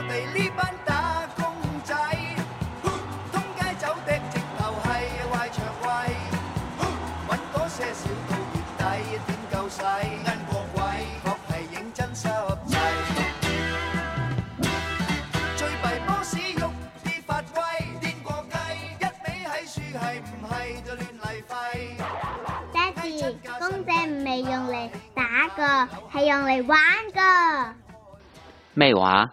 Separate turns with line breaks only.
我哋呢班打工仔，通街走的，直頭係壞腸胃，搵嗰些少到月底點夠使，人過位確係認真濕滯，最弊波士郁啲發威，癲過雞一味喺樹係唔係就亂嚟吠。爹哋，公仔唔係用嚟打㗎，係用嚟玩㗎。咩話？